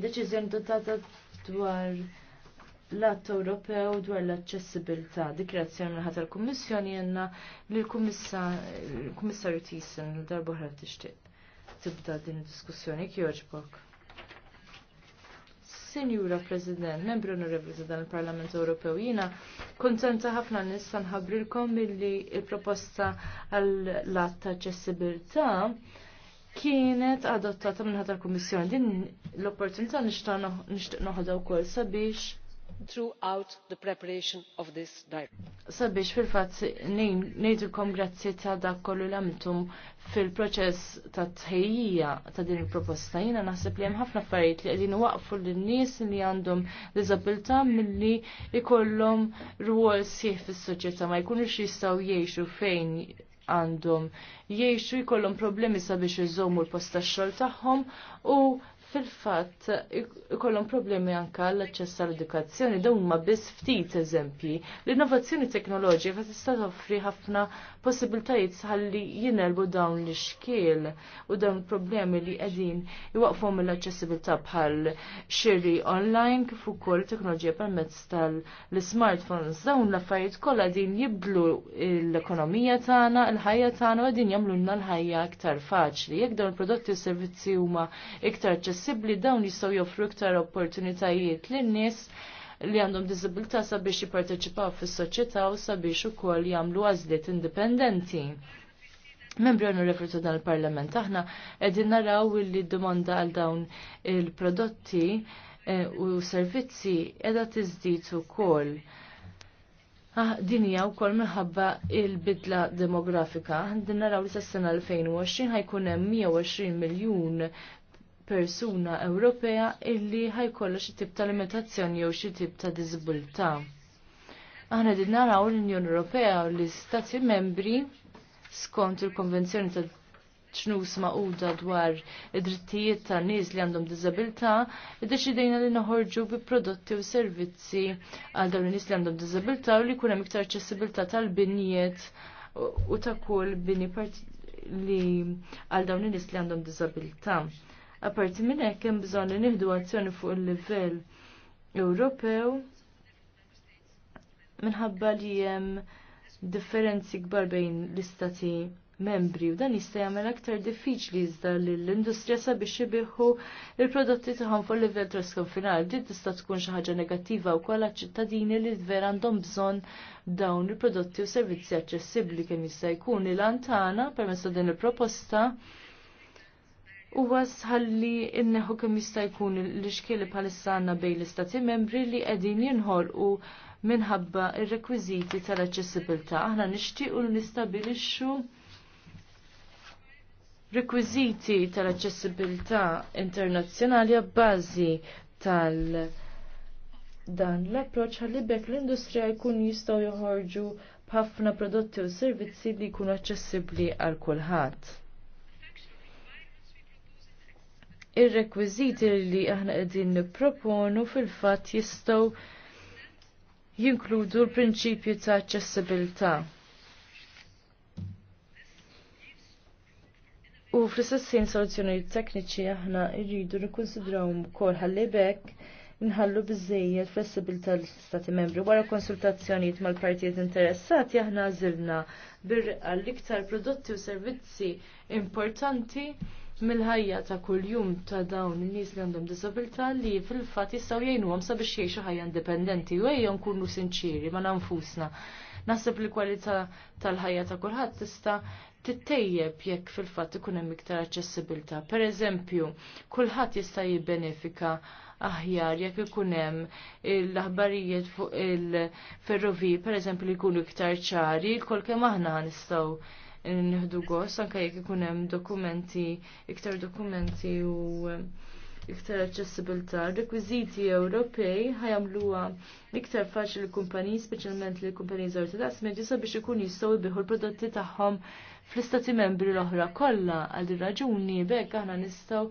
deċiżjoni dotata dwar l-att Ewropew dwar l-aċċessibilità. Dikrazzjoni minħat tal-Kummissjoni jenna li l-Kummissarju Tisen l-darba ħra tixtieq tibda din id-diskussjoni kjoġbok. Senjura President, membru onorevoli dan il-Parlament Ewropew, jina kontenta ħafna nista nħabrilkom billi il-proposta għall-att aċċessibilità kienet adottata minn ħadar kummissjoni din l-opportunità nixtieq noħodha wkoll sabiex throughout the preparation of this diary. Sabiex fil-fatt ngħidulkom grazzi ta' dak kollu li għamiltum fil-proċess ta' tħejjija ta' din il-proposta. Jiena naħseb li hemm ħafna affarijiet li qegħdin waqfu lin-nies li għandhom diżabilità milli ikollhom rwol sieħ fis-soċjetà ma jkunux jistgħu jgħixu fejn għandhom jiexu jkollhom problemi sabiex iżommu l-post tax-xogħol tagħhom u fil-fatt ikollhom problemi anke l-aċċess għall-edukazzjoni dawn huma biss ftit eżempji. L-innovazzjoni teknoloġika qed tista' toffri ħafna possibiltajiet ħalli jinelbu dawn l ixkiel u dawn problemi li qegħdin iwaqfhom l-aċċessibilità bħal xiri online kif ukoll teknoloġija permezz tal-smartphones. Dawn l-affarijiet kollha din jibdlu l-ekonomija tagħna, l-ħajja tagħna u din jagħmlu lna l-ħajja aktar faċli. Jekk dawn il prodotti u servizzi huma iktar aċċessibbli possibbli dawn jistaw joffru iktar opportunitajiet lin-nies li għandhom disabilità sabiex jipparteċipaw fis-soċjetà u sabiex ukoll jagħmlu għażliet indipendenti. Membri għannu referitu dan il-parlament, aħna edin naraw li domanda għal dawn il-prodotti eh, u servizzi edha tizdit u kol. Ah, Dinja u kol minħabba il-bidla demografika, din naraw li s-sena 2020 ħajkunem hemm 120 miljun persuna Ewropea illi ħajkollu xi tip ta' limitazzjoni jew xi tip ta' diżabilità. Aħna din naraw l-Unjoni Ewropea u l-Istati Membri skont il-Konvenzjoni ta' ċnus maquda dwar id-drittijiet ta' nies li għandhom diżabilità, iddeċidejna li noħorġu bi prodotti u servizzi għal dawn nies li għandhom diżabilità u li jkun hemm iktar aċċessibilità tal binijiet u ta' kull bini li għal dawn nies li għandhom diżabilità. Apparti minn hekk hemm bżonn li nieħdu azzjoni fuq il-livell Ewropew minħabba li hemm differenzi kbar bejn l-istati membri u dan jista' jagħmel aktar diffiċli iżda lill-industrija sabiex ibiħħu il-prodotti tagħhom fuq livell trasconfinali. Din tista' tkun xi ħaġa negattiva wkoll għaċ-ċittadini li vera għandhom bżonn dawn il-prodotti u servizzi aċċessibbli kemm jista' jkun il-antana permezz din il-proposta. il proposta u ħalli inneħu kemm jista' jkun l-iskili bħalissa għandna bejn l-istati membri li qegħdin jinħolqu minħabba il rekwiżiti tal-aċċessibilità. Aħna nixtiequ nistabilixxu rekwiżiti tal-aċċessibilità internazzjonali għabbażi tal- dan l-approċ ħalli bekk l-industrija jkun jistgħu joħorġu b'ħafna prodotti u servizzi li jkunu aċċessibbli għal kulħadd. ir-rekwiżiti li aħna qegħdin nipproponu fil-fatt jistgħu jinkludu l-prinċipju ta' aċċessibilità. U fl sessin soluzzjonijiet tekniċi aħna rridu nikkonsidrawhom ukoll ħalli bekk nħallu biżejjed flessibilità l-Stati membri. Wara konsultazzjonijiet mal-partijiet interessati aħna għażilna bir-iktar prodotti u servizzi importanti mill-ħajja ta' kuljum ta' dawn il nies li għandhom disabilità li fil-fatt jistgħu jgħinuhom sabiex jgħixu ħajja indipendenti u ejja nkunu sinċiri ma' nanfusna. Naħseb li kwalità tal-ħajja ta' kulħadd tista' tittejjeb jekk fil-fatt ikun hemm iktar aċċessibilità. Pereżempju, kulħadd jista' jibbenefika aħjar jekk ikun hemm l-aħbarijiet fuq il-ferroviji pereżempju li jkunu iktar ċari, kol kemm aħna nistgħu nħdu gost anke jekk ikun hemm dokumenti iktar dokumenti u um, iktar aċċessibilità. Rekwiżiti Ewropej ħajamluha iktar faċli li kumpaniji speċjalment li kumpani kumpaniji żgħar ta' biex ikun jistgħu jbieħu l-prodotti tagħhom fl-istati membri l-oħra kollha għal din raġuni bekk aħna nistgħu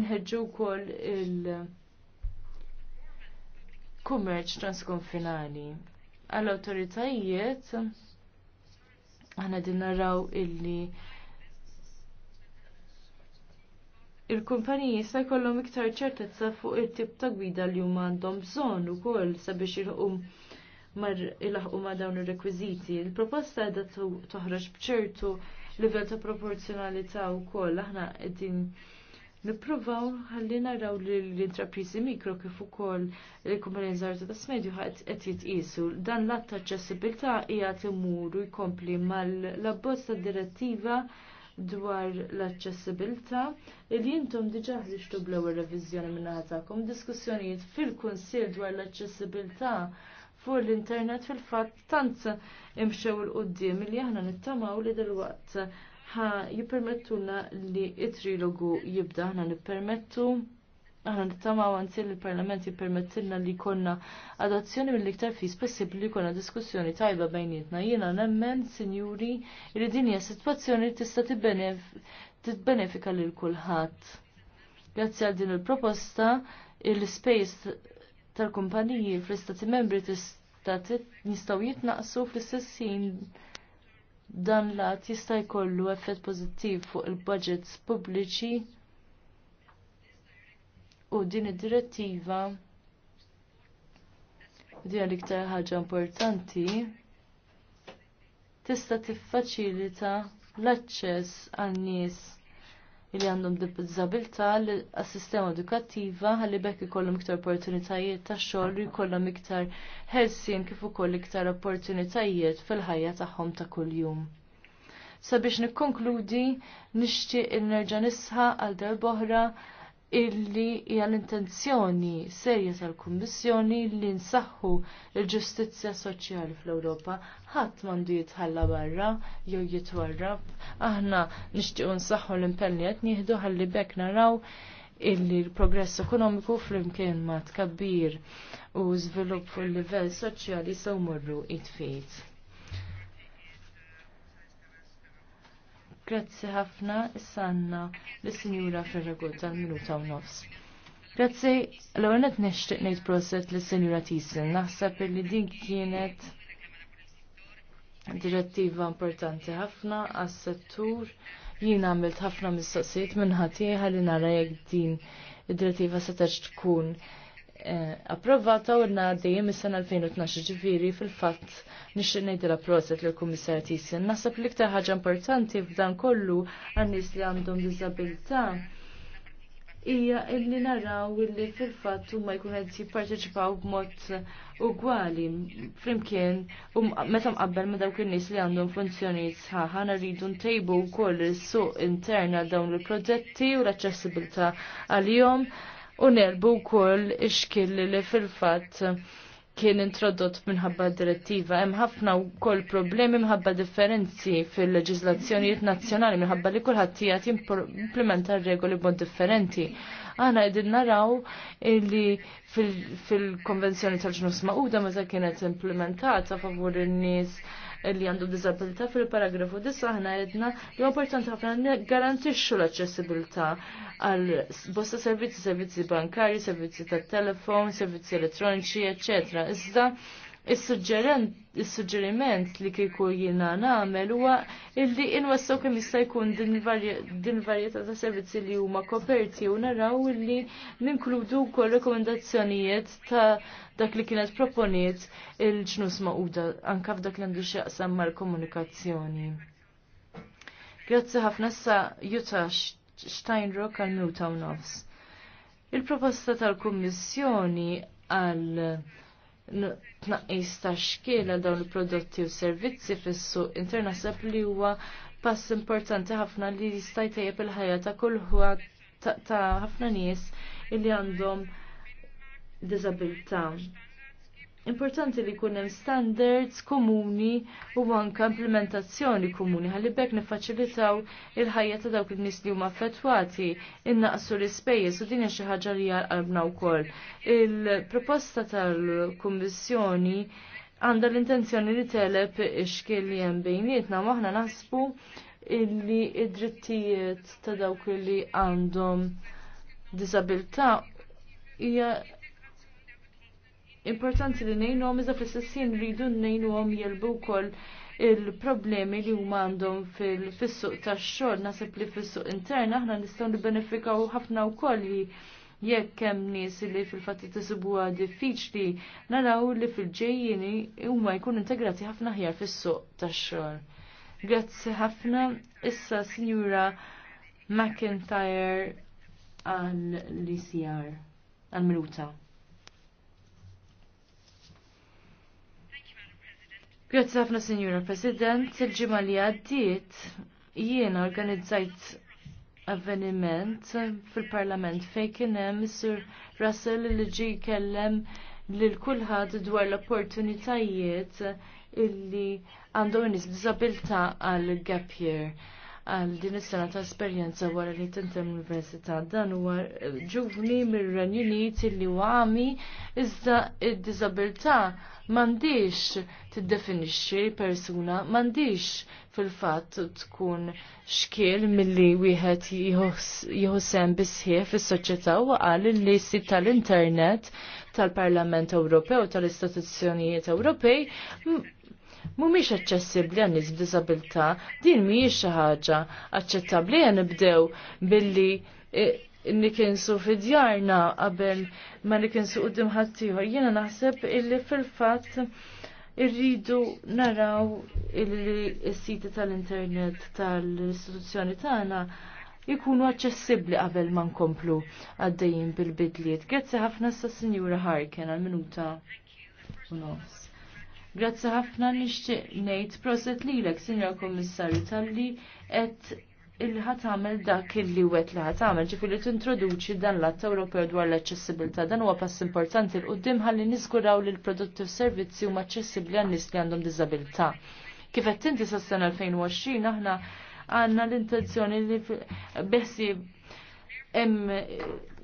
inħeġġu wkoll il- kummerċ transkonfinali. Għall-autoritajiet Aħna din naraw illi il-kumpaniji sa jkollhom iktar ċertezza fuq il tip ta' gwida li huma għandhom bżonn ukoll sabiex jilħqu mar ma' dawn ir-rekwiżiti. Il-proposta qiegħda toħroġ bċertu livell ta' proporzjonalità wkoll aħna qegħdin Nippruvaw ħalli naraw li l-intrapriżi mikro kif ukoll il-kumpanija żgħar ta' smedju ħadd qed jitqisu. Dan l-att ta' aċċessibilità hija imuru jkompli mal-abbozz ta' direttiva dwar l-aċċessibilità li intom diġà ħriġtu bl-ewwel reviżjoni min-naħa diskussjonijiet fil-Kunsill dwar l-aċċessibilità fuq l-internet fil-fatt tant imxew il-qudiem li aħna nittamaw li waqt ħa jippermettulna li it-trilogu jibda ħna nippermettu aħna nittama għanzi li l-Parlament jippermettilna li konna adazzjoni mill-iktar fi possibbli li konna diskussjoni tajba bejnietna. Jiena nemmen, sinjuri, li din hija sitwazzjoni tista' tibbenefika lil kulħadd. Grazzi għal din il-proposta, il-space tal-kumpaniji fl-istati membri tista' jistgħu jitnaqsu fl-istess dan l-att jista' jkollu effett pożittiv fuq il-budgets pubbliċi u din id-direttiva u l-iktar ħaġa importanti tista' tiffaċilita l-aċċess għan-nies li għandhom dizabilta għas-sistema edukattiva ħalli bekk ikollhom iktar opportunitajiet ta' xogħol u jkollhom iktar ħelsien kif ukoll iktar opportunitajiet fil-ħajja tagħhom ta' kuljum. Sabiex nikkonkludi nixtieq nerġa' nisħa għal darba oħra illi hija l-intenzjoni serja tal-Kummissjoni li nsaħħu l-ġustizzja soċjali fl-Ewropa. Ħadd m'għandu jitħalla barra jew jitwarrab. Aħna nixtiequ nsaħħu l-impenni qed nieħdu ħalli bekk naraw illi l-progress ekonomiku flimkien ma tkabbir u żvilupp fil-livell soċjali sew morru it-tfejt. Grazzi ħafna s-sanna l-Sinjura Ferragut tal-Minuta u Nofs. Grazzi, l net nishtiq nejt proset l-Sinjura Tisen, naħseb li din kienet direttiva importanti ħafna għas-settur jien għamilt ħafna mistoqsijiet minnħatieħa li nara jekk din id-direttiva setax tkun Eh, approvata u l-nadi mis-sena 2012 ġifiri fil-fatt nixin nejdila proset l-Kummissar Tisjen. Nasab l-iktar ħaġa importanti f'dan kollu għannis li għandhom disabilità ija illi naraw illi fil-fatt huma jkun qed jipparteċipaw b'mod ugwali flimkien u meta mqabbel ma dawk in-nies li għandhom funzjonijiet sħaħ ħana rridu ntejbu wkoll is-suq intern għal dawn il-proġetti u l-aċċessibilità għalihom u nerbu wkoll ix li fil-fatt kien introdott minħabba direttiva. Hemm ħafna wkoll problemi minħabba differenzi fil-leġiżlazzjonijiet nazzjonali minħabba li kulħadd jagħti implementa regoli b'mod differenti. Aħna qegħdin naraw li fil-konvenzjoni tal-ġnus Mauda meta kienet implementata favur in-nies li għandu disabilità fil-paragrafu disa ħna jedna li importanti ħafna garantixxu l-aċċessibilità għal bosta servizzi, servizzi bankari, servizzi tat telefon servizzi elettroniċi, eccetera. Iżda Is-suġġeriment li kieku jiena nagħmel huwa illi inwassaw kemm jista' jkun din varjetà ta' servizzi li huma koperti u naraw illi ninkludu wkoll rekomendazzjonijiet ta' dak li kienet proponiet il-ġnus maquda anke f'dak li għandu x'jaqsam mal-komunikazzjoni. Grazzi ħafna sa Jutta Steinrock għal Newtown Offs. Il-proposta tal-Kummissjoni għal tnaqis ta' xkiela dawn il-prodotti u servizzi fis-suq internasab li huwa pass importanti ħafna li jista' jtejjeb il-ħajja ta' kulħadd ta' ħafna nies illi għandhom diżabilità. Importanti li jkun hemm standards komuni u anke implementazzjoni komuni ħalli bekk niffaċilitaw il-ħajja ta' dawk in-nies li huma affettwati innaqsu l-ispejjeż u din hija xi ħaġa li qalbna wkoll. Il-proposta tal-Kummissjoni għandha l-intenzjoni li teleb ix-xkil li hemm bejnietna u aħna naħsbu illi id-drittijiet ta' dawk li għandhom diżabilità hija importanti li nejnu għom iżda fl-istessin rridu nejnu għom jelbu kol il-problemi li huma għandhom fil-fissuq tax-xogħol nasib li fis-suq interna aħna nistgħu nibbenefikaw ħafna wkoll li jekk hemm nies li fil fatti tisibuha diffiċli naraw li fil ġejjini huma jkunu integrati ħafna ħjar fis-suq tax-xogħol. Grazzi ħafna issa Sinjura McIntyre għall-ICR għall-Minuta. Grazzi ħafna Signora President, il-ġimgħa li għaddiet jiena organizzajt avveniment fil-Parlament fejn kien hemm Russell li ġie jkellem lil kulħadd dwar l-opportunitajiet illi għandhom nies b'diżabilità għal gap year għal din is-sena ta' esperjenza wara li tintem l-Università dan huwa ġuvni mir-Renju Unit illi għami iżda id-diżabilità mandiġ tiddefinixxi persuna, mandiġ fil-fatt tkun xkiel milli wieħed jħossem bisħieħ fis-soċjetà u qal li listi tal-internet tal-Parlament Ewropew u tal-istituzzjonijiet Ewropej mumiex aċċessibbli għan nies b'disabilità, din mhijiex xi ħaġa aċċettabbli għan nibdew billi eh, nikinsu fidjarna qabel ma nikinsu qudiem ħaddieħor. Jiena naħseb illi fil-fatt irridu naraw il-siti tal-internet tal-istituzzjoni tagħna jikunu aċċessibbli qabel ma nkomplu għaddejjin bil-bidliet. Grazzi ħafna sa Sinjura Harken għal-minuta u nofs. Grazzi ħafna nixtieq ngħid proset lilek, Sinjura Kommissarju, talli qed illi ħat għamel dak illi wet li ħat għamel t tintroduċi dan l-att Ewropew dwar l-aċċessibilità dan huwa pass importanti l qudiem ħalli niżguraw li l-prodotti u servizzi huma aċċessibbli għan-nies li għandhom diżabilità. Kif qed tinti sas-sena 2020 aħna għandna l-intenzjoni li biħsib hemm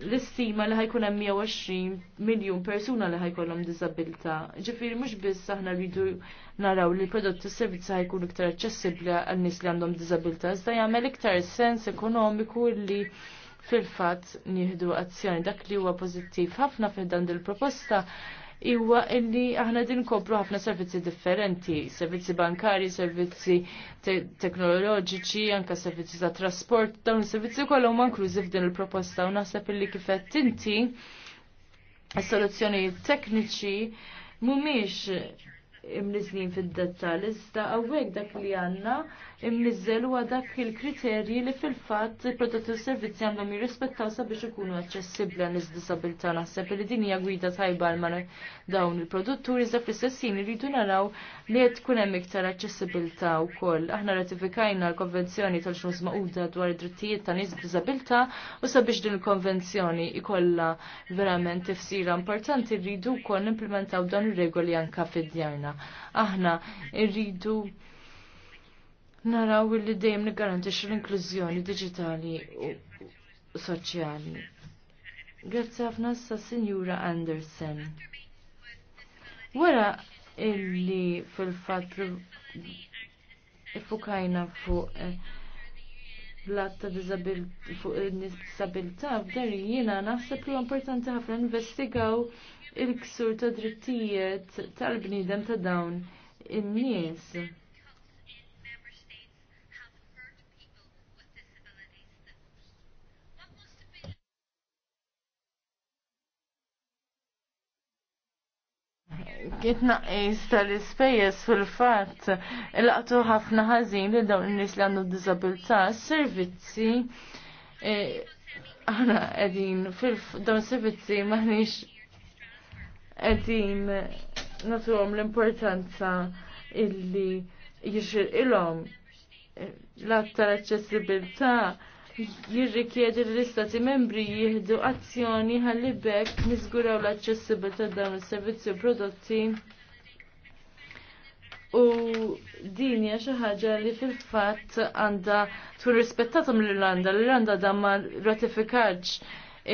l-istima li ħajkun hemm 120 miljun persuna li ħajkollhom diżabilità. Ġifieri mhux biss aħna rridu naraw li l-prodotti u servizzi ħajkunu iktar aċċessibbli għan nies li għandhom diżabilità, iżda jagħmel iktar sens ekonomiku li fil-fatt nieħdu azzjoni dak li huwa pożittiv ħafna fil dan il proposta Iwa illi aħna din kobru ħafna servizzi differenti, servizzi bankari, servizzi teknoloġiċi, anka servizzi ta' trasport, dawn is-servizzi kollha ma inklużi f'din il-proposta u naħseb illi kifet inti s-soluzzjoni tekniċi mhumiex fil fid l iżda għawek dak li għanna imnizzel u dak il-kriterji li fil-fatt il-prodotti u servizzi għandhom jirrispettaw sabiex ikunu aċċessibbli għal disabilità naħseb li din hija gwida tajba għal dawn il-produtturi iżda fl-istessin irridu naraw li qed tkun hemm iktar aċċessibilità wkoll. Aħna ratifikajna l-Konvenzjoni tal-Ġnus Maquda dwar id-drittijiet ta' nies b'diżabilità u sabiex din il-konvenzjoni ikollha verament tifsira importanti rridu wkoll nimplementaw dan ir-regoli anka fid-djarna. Aħna rridu naraw li dejjem niggarantixxu l-inklużjoni diġitali u soċjali. Grazzi ħafna sa Sinjura Anderson. Wara illi fil-fatt ifukajna fuq blatt eh, ta' fuq il-disabilità f'dar jiena naħseb li importanti ħafna investigaw il-ksur ta' drittijiet tal-bniedem ta' dawn in-nies. Itnaqis tal-ispejjeż fil-fatt laqtu ħafna ħażin li dawn in-nies li għandhom diżabilità, servizzi e, aħna qegħdin fil-dawn servizzi maħniex qegħdin nagħtuhom l-importanza illi jixir l-att tal-aċċessibilità jirrikjedi li l-istati membri jieħdu azzjoni ħalli bekk miżguraw l-aċċessibilità ta' dawn is-servizzi u prodotti. U din hija xi ħaġa li fil-fatt għandha tkun rispettata mill-Irlanda. L-Irlanda da ma ratifikax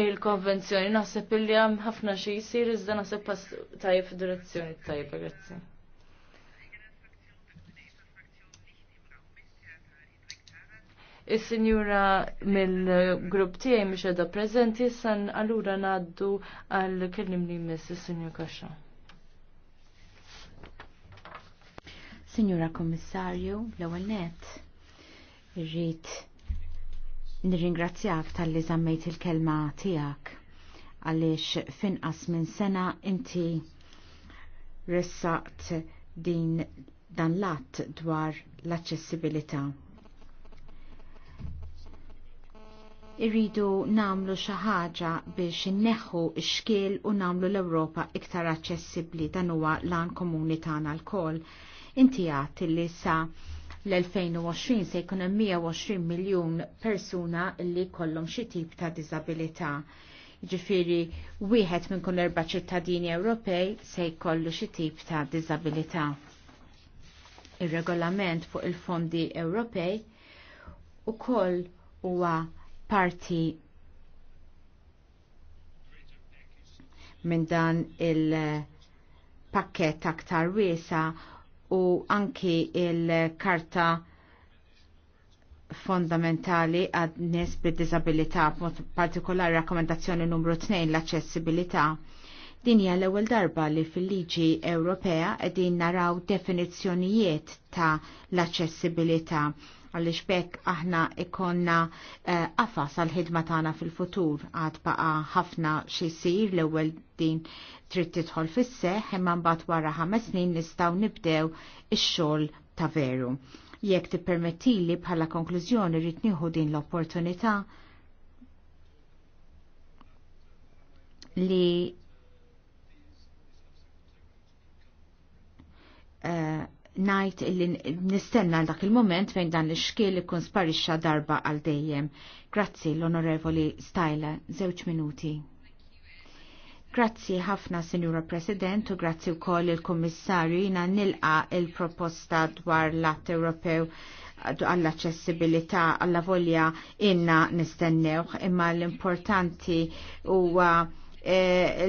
il-konvenzjoni naħseb illi hemm ħafna xi jsir iżda naħseb pass tajjeb fid-direzzjoni tajba grazzi. Is-sinjura mill-grupp tiegħi mhix qiegħda preżenti san allura ngħaddu għal kellim li miss is-sinjur Kaxa. Sinjura Kommissarju, l-ewwel net irrid nirringrazzjak tal-li żammejt il-kelma tiegħek għaliex finqas minn sena inti ressaqt din dan l-att dwar l-aċċessibilità irridu namlu xaħġa biex neħu xkiel u namlu l-Europa iktar aċċessibbli dan huwa lan komuni tagħna l-kol. Inti għat li sa l-2020 se jkun hemm 120 miljun persuna li kollhom xi tip ta' diżabilità. Ġifiri, wieħed minn kull erba' ċittadini Ewropej se jkollu xi tip ta' diżabilità. Ir-regolament fuq il-fondi Ewropej ukoll huwa parti minn dan il-pakket aktar wiesa u anki il-karta fondamentali għad nies bid-disabilità, partikolari rakkomendazzjoni numru 2 l-accessibilità. Din hija l-ewwel darba li fil-liġi Ewropea qegħdin naraw definizzjonijiet ta' l-aċċessibilità għaliex bekk aħna ikonna għafas eh, għal ħidma tagħna fil-futur għad baqa ħafna xi jsir l-ewwel din trid tidħol fis-seħ imma mbagħad wara ħames snin nistgħu nibdew ix-xogħol ta' veru. Jekk tippermettili bħala konklużjoni rrid nieħu din l-opportunità li uh, najt illi nistenna l dak il-moment fejn dan l-xkil ikun sparixxa darba għal dejjem. Grazzi l-Onorevoli Stajla, żewġ minuti. Grazzi ħafna, Sinjura President, u grazzi u koll il-Kommissarju jina nilqa il-proposta dwar l-Att Ewropew għall-accessibilità għalla volja inna nistennewħ imma l-importanti u e,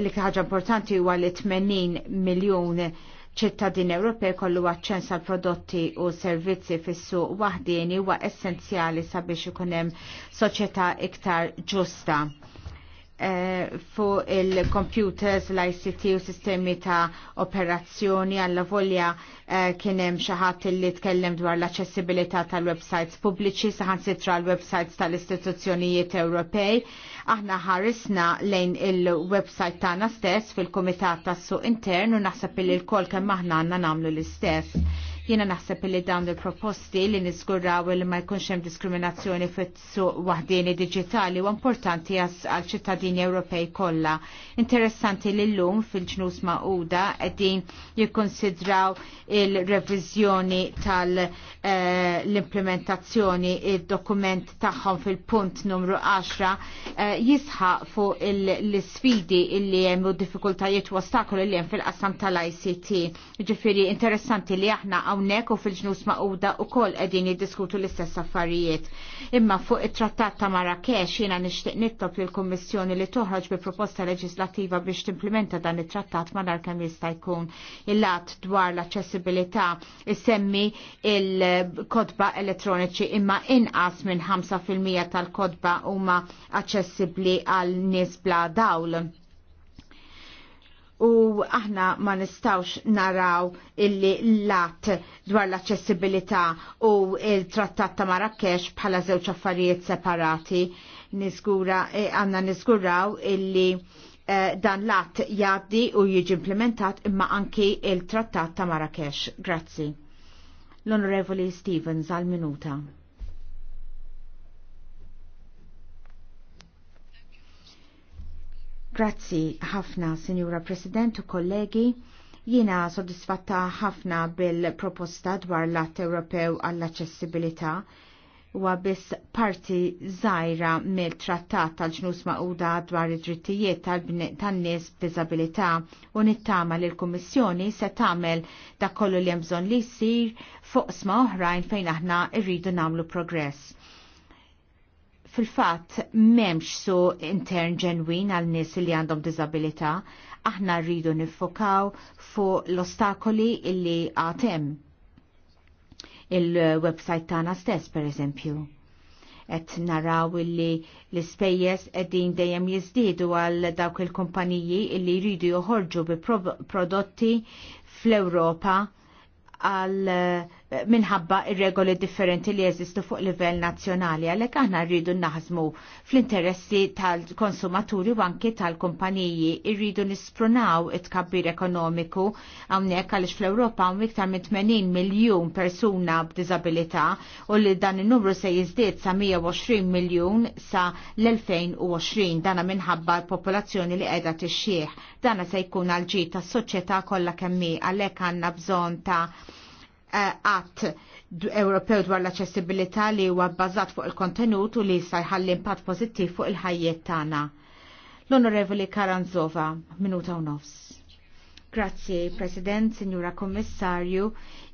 li ħaġa importanti huwa li 80 miljoni ċittadin Ewropej kollu għacċens għal prodotti u servizzi fissu waħdini huwa essenzjali sabiex ikun hemm soċjetà iktar ġusta Eh, fuq il-computers, l-ICT u sistemi ta' operazzjoni għalla volja eh, kienem xaħat li tkellem dwar l-accessibilità tal-websites pubbliċi saħan sitra l-websites tal-istituzzjonijiet Ewropej. Aħna ħarisna lejn il-website tagħna stess fil-Kumitat tas-Suq Intern u naħseb il kol kemm aħna għandna nagħmlu l-istess Jiena naħseb li dawn il-proposti li niżguraw li ma jkunx hemm diskriminazzjoni fit-suq waħdini diġitali u importanti għal ċittadini Ewropej kollha. Interessanti li llum fil-ġnus maquda qegħdin jikkonsidraw il-reviżjoni tal-implementazzjoni eh, id-dokument tagħhom fil-punt numru 10 eh, jisħaq fuq l-sfidi illi hemm u diffikultajiet u ostakoli li hemm fil-qasam tal-ICT. Ġifieri interessanti li aħna hawnhekk u fil-ġnus maquda wkoll qegħdin jiddiskutu l-istess affarijiet. Imma fuq it-Trattat ta' Marrakesh jiena nixtieq nittob lill-Kummissjoni li toħroġ bi proposta leġislattiva biex timplementa dan it-trattat madar kemm jista' jkun il-lat dwar l-aċċessibilità isemmi il-kodba elettroniċi imma inqas minn 5% tal-kodba huma aċċessibbli għal nies bla dawl u aħna ma nistawx naraw illi lat dwar l-accessibilità u il-trattat ta' Marrakesh bħala żewġ affarijiet separati niskura e, għanna e, illi e, dan lat jaddi u jiġi implementat imma anki il-trattat ta' Marrakesh. Grazzi. L-Onorevoli Stevens għal-minuta. Grazzi ħafna, Sinjura President u kollegi. Jiena soddisfatta ħafna bil-proposta dwar l-Att Ewropew għall-aċċessibilità u biss parti żgħira mill-Trattat tal-Ġnus Maquda dwar id-drittijiet tan-nies b'diżabilità u nittama li l-Kummissjoni se tagħmel dak kollu li hemm bżonn li jsir fuq sma oħrajn fejn aħna rridu nagħmlu progress Fil-fatt memx su intern ġenwin għal nies li għandhom disabilità, aħna rridu nifokaw fuq l-ostakoli illi għatem il-website tagħna stess, per eżempju. Et naraw illi l-ispejjeż qegħdin dejjem jiżdiedu għal dawk il-kumpaniji illi jridu joħorġu bi prodotti fl-Ewropa għal minħabba ir-regoli differenti li jeżistu fuq livell nazzjonali għalhekk aħna rridu naħsmu fl-interessi tal-konsumaturi u anki tal-kumpaniji irridu nisprunaw it-kabbir ekonomiku hawnhekk għaliex fl-Ewropa hawn iktar minn 80 miljun persuna b'diżabilità u li dan in-numru se jiżdied sa 120 miljun sa l-2020 dana minħabba l-popolazzjoni li qiegħda tixxieħ. Dana se jkun għal ġid tas-soċjetà kollha kemmi għalhekk għandna bżonn ta' għat eh, Ewropew dwar l-aċċessibilità li huwa bbażat fuq il-kontenut u li jista' jħalli impatt pożittiv fuq il-ħajjiet tagħna. L-Onorevoli Karanzova, minuta u nofs. Grazzi, President, Signora Kommissarju,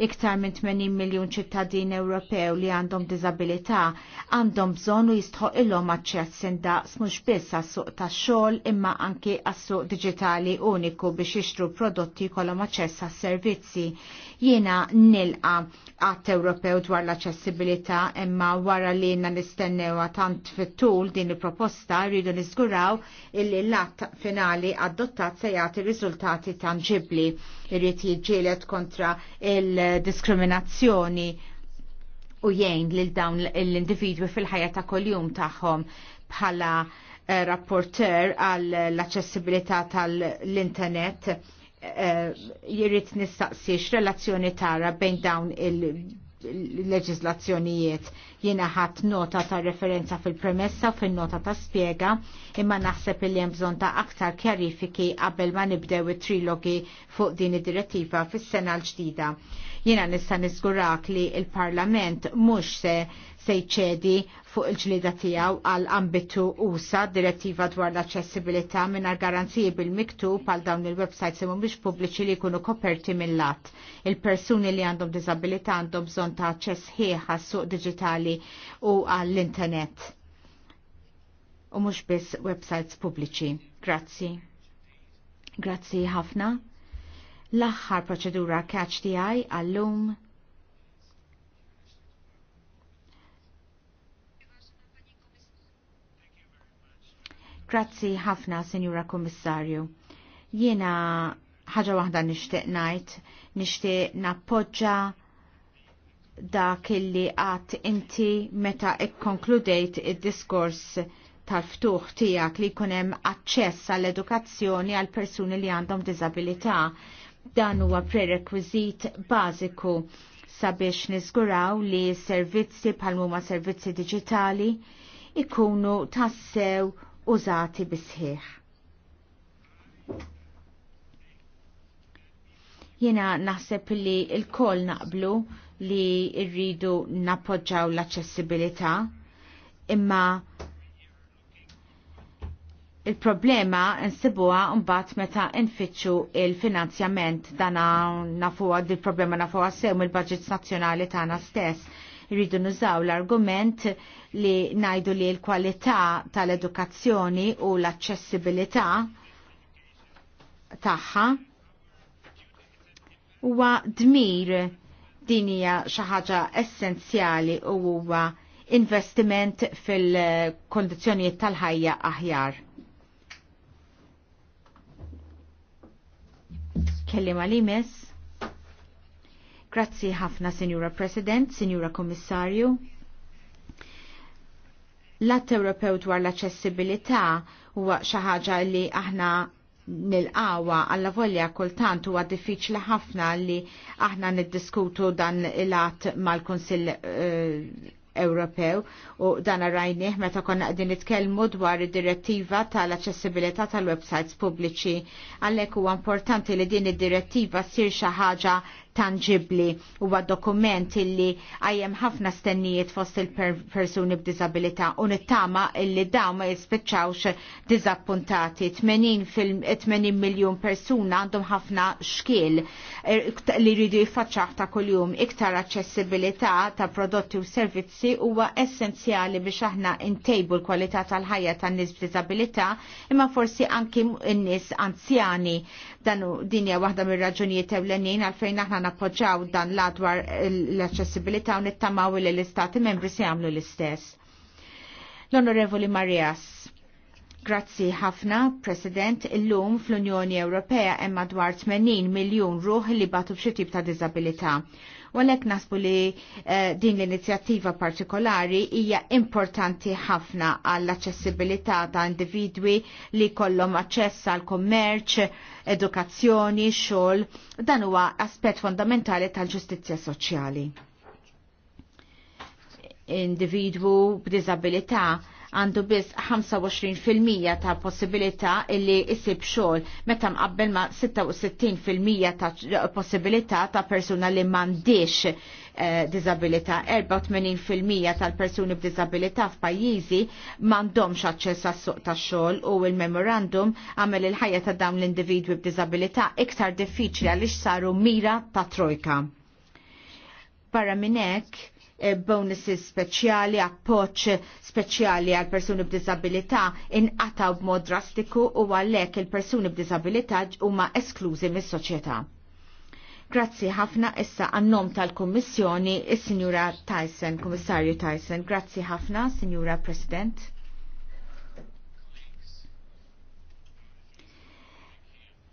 iktar minn 80 miljon ċittadin Ewropew li għandhom disabilità għandhom bżonn u jistħoq ilhom aċċess indaqs mhux biss għas-suq tax-xogħol imma anke għas-suq diġitali uniku biex jixtru prodotti jkollhom aċċess għas-servizzi. Jiena nilqa għat Ewropew dwar l-aċċessibilità imma wara li jenna nistennewa tant fit-tul din il-proposta rridu nisguraw illi l-att finali adottat se jagħti riżultati tangibbli irrid jiġġieled kontra il-diskriminazzjoni u jgħin lil dawn l-individwi fil-ħajja ta' kol-jum tagħhom bħala eh, rapporter għall l-aċċessibilità tal-internet Eh, jirrit nistaqsix relazzjoni tara bejn dawn il- leġizlazzjonijiet jiena ħadd nota ta' referenza fil-premessa u fil-nota ta' spiega imma naħseb li hemm bżonn ta' aktar kjarifiki qabel ma nibdew it-trilogi fuq din id-direttiva fis-sena l-ġdida. Jiena nista' nisgurak li il-Parlament mhux se sejċedi fuq il-ġlida tiegħu għal ambitu USA direttiva dwar l-aċċessibilità mingħajr garanziji bil-miktub għal dawn il-websites li mhumiex pubbliċi li jkunu koperti mill lat Il-persuni li għandhom diżabilità għandhom bżonn ta' aċċess ħieħ għas-suq digitali u għall-internet u mhux biss websites pubbliċi. Grazzi. Grazzi ħafna l-aħħar proċedura catch the eye għallum Grazzi ħafna, Sinjura Kommissarju. Jiena ħaġa waħda nixtieq ngħid, nixtieq nappoġġa dak illi għat inti meta ikkonkludejt id-diskors tal-ftuħ tijak li kunem aċċess għall-edukazzjoni għal persuni li għandhom disabilità Dan huwa prerequisit bażiku sabiex niżguraw li servizzi bħal huma servizzi diġitali ikunu tassew użati bisħiħ. jena naħseb li l kol naqblu li rridu nappoġġaw l-accessibilità imma il-problema nsibuha mbagħad meta nfittxu il-finanzjament dana nafuha il-problema nafuha sew mill-budgets nazzjonali tagħna stess. Irridu nużaw l-argument li ngħidu li l-kwalità tal-edukazzjoni u l-aċċessibilità tagħha huwa dmir din hija xi ħaġa essenzjali u huwa investiment fil-kondizzjonijiet tal-ħajja aħjar. Kellima li mess. Grazzi ħafna, Signora President, Signora Kommissarju. L-att Ewropew dwar l-aċċessibilità huwa xi ħaġa li aħna nilqawa għalla volja kultant huwa diffiċli ħafna li aħna niddiskutu dan il-att mal-Kunsill uh, Ewropew u dan rajnieh meta konna qegħdin nitkellmu dwar id-direttiva tal-aċċessibilità tal-websites pubbliċi. Għalhekk huwa importanti li din id-direttiva ssir xi ħaġa tangibli huwa dokument illi għajem ħafna stennijiet fost il-persuni b'disabilità u nittama illi dawn ma jispiċċawx dizappuntati. 80 miljon persuna għandhom ħafna xkiel er, li jridu jiffaċċaħ ta' kuljum iktar aċċessibilità ta' prodotti u servizzi huwa essenzjali biex aħna intejbu l-kwalità tal-ħajja tan-nies b'disabilità imma forsi anki n-nies anzjani dan dinja waħda mir-raġunijiet ewlenin għalfejn aħna nappoġġaw dan l-adwar l-aċċessibilità u nittamaw li l-istati membri se jagħmlu l-istess. L-Onorevoli Marias. Grazzi ħafna, President, illum fl-Unjoni Ewropea hemm madwar 80 miljun ruħ li batu b'xi tip ta' diżabilità. Walek nasbu li eh, din l-inizjattiva partikolari hija importanti ħafna għall-aċċessibilità ta' individwi li kollhom aċċess għal kommerċ, edukazzjoni, xogħol, dan huwa aspett fondamentali tal-ġustizzja soċjali. Individwu b'diżabilità għandu biss 25% ta' possibilità illi isib xogħol meta mqabbel ma' 66% ta' possibilità ta' persuna li m'għandix eh, disabilità. 84% tal-persuni b'disabilità f'pajjiżi m'għandhomx aċċess għas-suq tax-xogħol u l-memorandum għamel il-ħajja ta' dawn l-individwi b'disabilità iktar diffiċli għaliex saru mira ta' trojka. Barra minn hekk E, bonuses speċjali, appoċ speċjali għal persuni b'disabilità inqataw b'mod drastiku u għalhekk il-persuni b'disabilità huma esklużi mis-soċjetà. Grazzi ħafna issa għannom tal-Kommissjoni, is-Sinjura Tyson, Kommissarju Tyson. Grazzi ħafna, Sinjura President.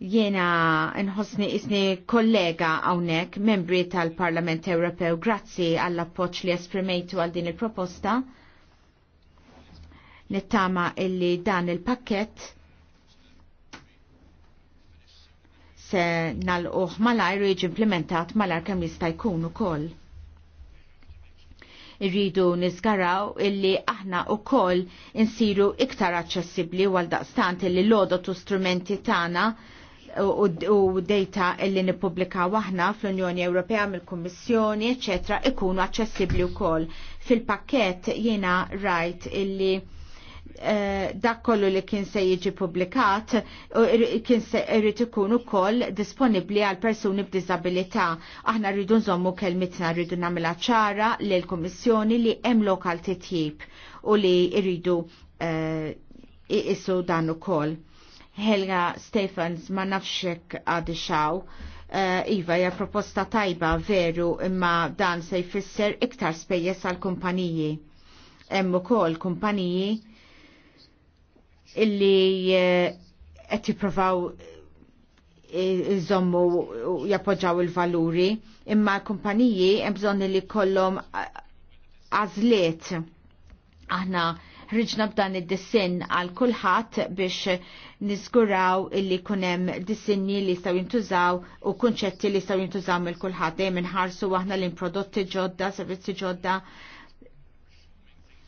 Jena nħossni isni kollega għawnek, membri tal-Parlament Ewropew, grazzi għall-appoċ li esprimejtu għal din il-proposta. Nittama illi dan il-pakket se nal-uħ mal-ajru jiġi implementat mal-ar kem jista' jkun ukoll irridu nizgaraw illi aħna u koll insiru iktar aċċessibli għal daqstant illi l-odot u strumenti tana u data illi nipublika waħna fl-Unjoni Ewropea mill-Kummissjoni, ecc. ikunu aċċessibbli wkoll. Fil-pakket jiena rajt illi eh, dak kollu li kien se jiġi publikat kien se irrid ikun ukoll disponibbli għal persuni b'diżabilità. Aħna rridu nżommu kelmitna rridu nagħmilha ċara lil kummissjoni li hemm lokal titjib u li rridu eh, iqisu dan ukoll Helga Stephens ma nafxek għadi xaw. Uh, iva, ja proposta tajba veru imma dan se jfisser iktar spejjeż għal kumpaniji. Hemm ukoll kumpaniji illi qed uh, jippruvaw iżommu u jappoġġaw il-valuri, imma l-kumpaniji hemm bżonn li kollhom għażliet aħna Riġna b'dan id-dissin għal kulħadd biex niżguraw illi kunem dissinji li staw jintużaw u kunċetti li staw jintużaw mill kulħadd dejjem inħarsu aħna l-prodotti ġodda, servizzi ġodda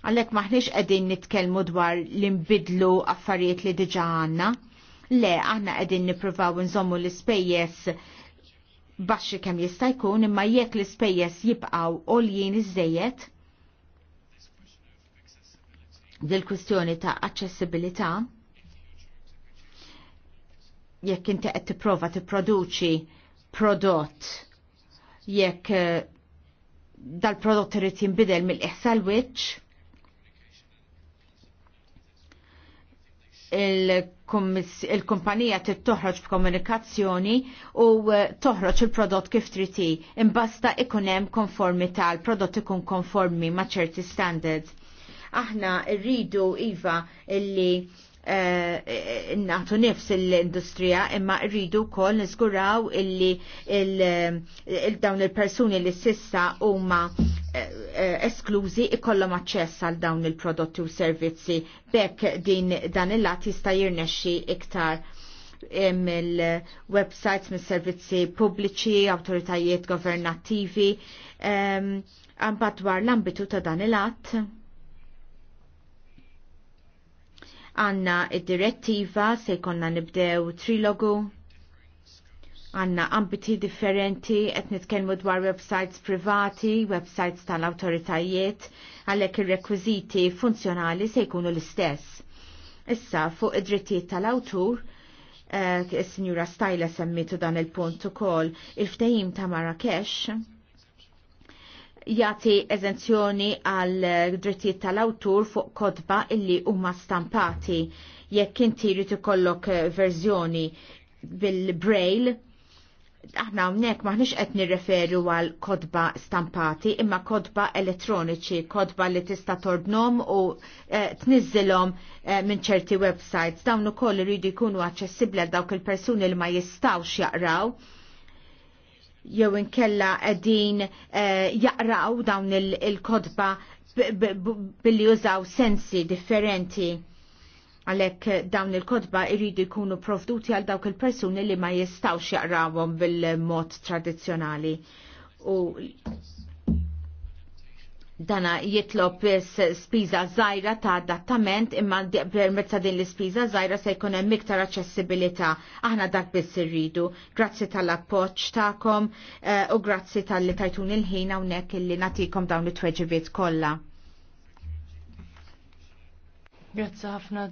għallek maħniex għedin nitkelmu dwar li nbidlu affarijiet li diġa għanna. Le, aħna għedin niprofaw nżommu l-spejjes baxxi kem jista' jkun imma jekk l-spejjes jibqaw oljien iż dil-kwistjoni ta' aċċessibilità jekk inti qed tipprova tipproduċi prodott jekk eh, dal-prodott irid jinbidel mill-iħsa l-wiċċ il-kumpanija tittoħroġ toħroġ b'komunikazzjoni u eh, toħroġ il-prodott kif triti imbasta ikun hemm tal l-prodott ikun konformi ma' ċerti standards. Aħna rridu iva illi eh, eh natu nifs l-industrija imma rridu kol nizguraw illi il-dawn eh, il-persuni li sissa huma eh, esklużi ikollhom aċċess għal dawn il-prodotti u servizzi bekk din dan il-lat jista' jirnexxi iktar mill-websites mis servizzi pubbliċi, awtoritajiet governattivi, għambadwar um, l-ambitu ta' dan il-att għanna id-direttiva se jkonna nibdew trilogu għanna ambiti differenti, qed nitkellmu dwar websites privati, websites tal-autoritajiet, għalhekk ir-rekwiżiti funzjonali se jkunu l-istess. Issa fuq id-drittijiet tal-awtur, il eh, is-Sinjura Stajla semmitu dan il-punt ukoll il ftajim ta' Marrakesh jati eżenzjoni għal drittijiet tal-awtur fuq kodba illi huma stampati jekk inti jrid ikollok eh, verżjoni bil brail aħna hawnhekk maħniex qed nirreferu għal kodba stampati imma kodba elettroniċi, kodba li tista' torbnom u eh, tniżilhom eh, minn ċerti websites dawn ukoll iridu jkunu aċċessibbli għal dawk il-persuni li ma jistgħux jaqraw jew inkella qegħdin eh, jaqraw dawn il-kodba billi użaw sensi differenti għalek dawn il-kodba jridu jkunu provduti għal dawk il-persuni li ma jistawx jaqrawhom bil-mod tradizzjonali. U dana jitlob spiża żgħira ta' adattament imma permezza din l-ispiża żgħira se jkun hemm iktar aċċessibilità. Aħna dak biss irridu. Grazzi tal-appoġġ tagħkom eh, u grazzi tal-li tajtun il-ħin hawnhekk illi nagħtikom dawn it-tweġibiet kollha. Grazzi ħafna